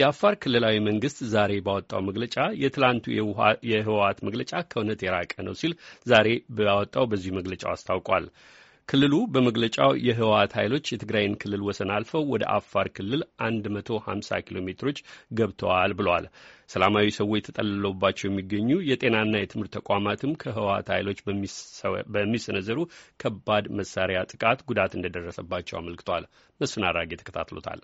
የአፋር ክልላዊ መንግስት ዛሬ ባወጣው መግለጫ የትላንቱ የህወሓት መግለጫ ከእውነት የራቀ ነው ሲል ዛሬ ባወጣው በዚሁ መግለጫው አስታውቋል። ክልሉ በመግለጫው የህወሓት ኃይሎች የትግራይን ክልል ወሰን አልፈው ወደ አፋር ክልል 150 ኪሎ ሜትሮች ገብተዋል ብለዋል። ሰላማዊ ሰዎች ተጠልለውባቸው የሚገኙ የጤናና የትምህርት ተቋማትም ከህወሓት ኃይሎች በሚሰነዘሩ ከባድ መሳሪያ ጥቃት ጉዳት እንደደረሰባቸው አመልክቷል። መስፍን አራጌ ተከታትሎታል።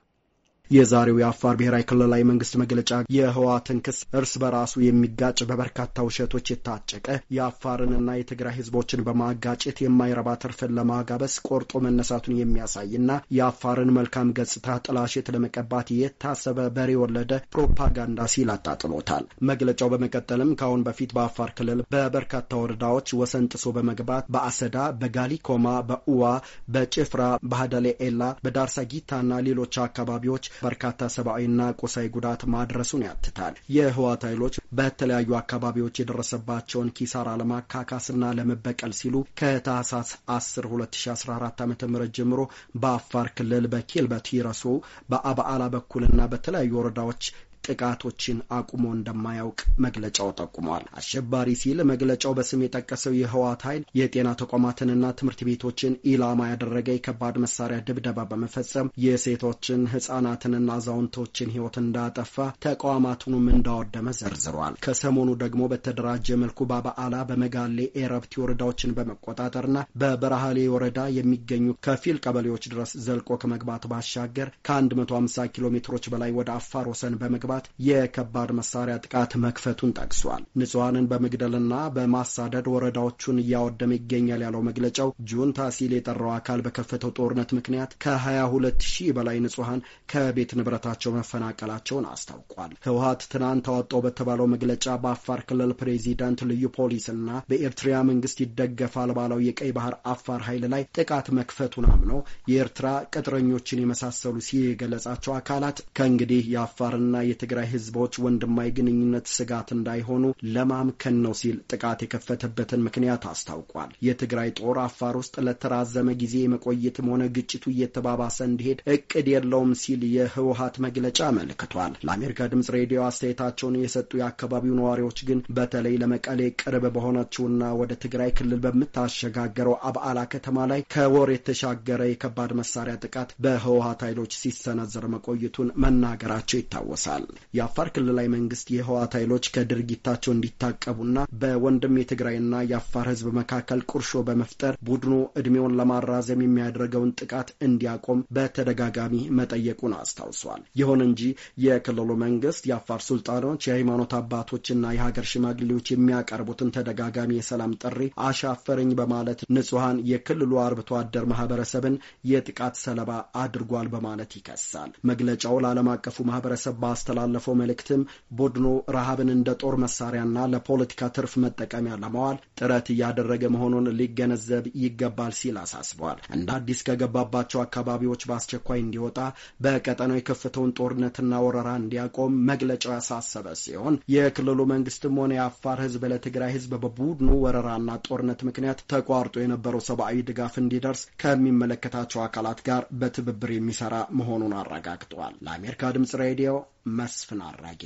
የዛሬው የአፋር ብሔራዊ ክልላዊ መንግስት መግለጫ የህወሓትን ክስ እርስ በራሱ የሚጋጭ በበርካታ ውሸቶች የታጨቀ የአፋርንና የትግራይ ህዝቦችን በማጋጨት የማይረባ ትርፍን ለማጋበስ ቆርጦ መነሳቱን የሚያሳይና የአፋርን መልካም ገጽታ ጥላሸት ለመቀባት የታሰበ በሬ የወለደ ፕሮፓጋንዳ ሲል አጣጥሎታል። መግለጫው በመቀጠልም ከአሁን በፊት በአፋር ክልል በበርካታ ወረዳዎች ወሰን ጥሶ በመግባት በአሰዳ፣ በጋሊኮማ፣ በኡዋ፣ በጭፍራ፣ በሀደሌ ኤላ፣ በዳርሳጊታና ሌሎች አካባቢዎች በርካታ ሰብአዊና ቁሳዊ ጉዳት ማድረሱን ያትታል። የህወሓት ኃይሎች በተለያዩ አካባቢዎች የደረሰባቸውን ኪሳራ ለማካካስና ለመበቀል ሲሉ ከታህሳስ 10 2014 ዓ ም ጀምሮ በአፋር ክልል በኬልበቲ ረሶ በአበዓላ በኩልና በተለያዩ ወረዳዎች ጥቃቶችን አቁሞ እንደማያውቅ መግለጫው ጠቁሟል። አሸባሪ ሲል መግለጫው በስም የጠቀሰው የህወሓት ኃይል የጤና ተቋማትንና ትምህርት ቤቶችን ኢላማ ያደረገ የከባድ መሳሪያ ድብደባ በመፈጸም የሴቶችን ህጻናትንና አዛውንቶችን ህይወት እንዳጠፋ ተቋማቱንም እንዳወደመ ዘርዝሯል። ከሰሞኑ ደግሞ በተደራጀ መልኩ በበዓላ በመጋሌ ኤረብቲ ወረዳዎችን በመቆጣጠርና በበረሃሌ ወረዳ የሚገኙ ከፊል ቀበሌዎች ድረስ ዘልቆ ከመግባት ባሻገር ከ150 ኪሎ ሜትሮች በላይ ወደ አፋር ወሰን በመግባት በመግባት የከባድ መሳሪያ ጥቃት መክፈቱን ጠቅሷል። ንጹሐንን በመግደልና በማሳደድ ወረዳዎቹን እያወደመ ይገኛል ያለው መግለጫው ጁንታ ሲል የጠራው አካል በከፈተው ጦርነት ምክንያት ከ22 ሺህ በላይ ንጹሐን ከቤት ንብረታቸው መፈናቀላቸውን አስታውቋል። ህወሀት ትናንት አወጣው በተባለው መግለጫ በአፋር ክልል ፕሬዚዳንት ልዩ ፖሊስና በኤርትራ መንግስት ይደገፋል ባለው የቀይ ባህር አፋር ኃይል ላይ ጥቃት መክፈቱን አምኖ የኤርትራ ቅጥረኞችን የመሳሰሉ ሲል የገለጻቸው አካላት ከእንግዲህ የአፋርና የትግራይ ህዝቦች ወንድማዊ ግንኙነት ስጋት እንዳይሆኑ ለማምከን ነው ሲል ጥቃት የከፈተበትን ምክንያት አስታውቋል። የትግራይ ጦር አፋር ውስጥ ለተራዘመ ጊዜ የመቆየትም ሆነ ግጭቱ እየተባባሰ እንዲሄድ እቅድ የለውም ሲል የህወሀት መግለጫ አመልክቷል። ለአሜሪካ ድምጽ ሬዲዮ አስተያየታቸውን የሰጡ የአካባቢው ነዋሪዎች ግን በተለይ ለመቀሌ ቅርብ በሆነችውና ወደ ትግራይ ክልል በምታሸጋገረው አብዓላ ከተማ ላይ ከወር የተሻገረ የከባድ መሳሪያ ጥቃት በህወሀት ኃይሎች ሲሰነዘር መቆየቱን መናገራቸው ይታወሳል። የአፋር ክልላዊ መንግስት የህወሓት ኃይሎች ከድርጊታቸው እንዲታቀቡና በወንድም የትግራይና የአፋር ህዝብ መካከል ቁርሾ በመፍጠር ቡድኑ እድሜውን ለማራዘም የሚያደርገውን ጥቃት እንዲያቆም በተደጋጋሚ መጠየቁን አስታውሷል። ይሁን እንጂ የክልሉ መንግስት የአፋር ሱልጣኖች፣ የሃይማኖት አባቶችና የሀገር ሽማግሌዎች የሚያቀርቡትን ተደጋጋሚ የሰላም ጥሪ አሻፈረኝ በማለት ንጹሐን የክልሉ አርብቶ አደር ማህበረሰብን የጥቃት ሰለባ አድርጓል በማለት ይከሳል። መግለጫው ለዓለም አቀፉ ማህበረሰብ በአስተላ ባስተላለፈው መልእክትም ቡድኑ ረሃብን እንደ ጦር መሳሪያና ለፖለቲካ ትርፍ መጠቀሚያ ለማዋል ጥረት እያደረገ መሆኑን ሊገነዘብ ይገባል ሲል አሳስበዋል። እንደ አዲስ ከገባባቸው አካባቢዎች በአስቸኳይ እንዲወጣ፣ በቀጠናው የከፍተውን ጦርነትና ወረራ እንዲያቆም መግለጫው ያሳሰበ ሲሆን የክልሉ መንግስትም ሆነ የአፋር ህዝብ ለትግራይ ህዝብ በቡድኑ ወረራና ጦርነት ምክንያት ተቋርጦ የነበረው ሰብአዊ ድጋፍ እንዲደርስ ከሚመለከታቸው አካላት ጋር በትብብር የሚሰራ መሆኑን አረጋግጧል። ለአሜሪካ ድምጽ ሬዲዮ መስፍን አራጌ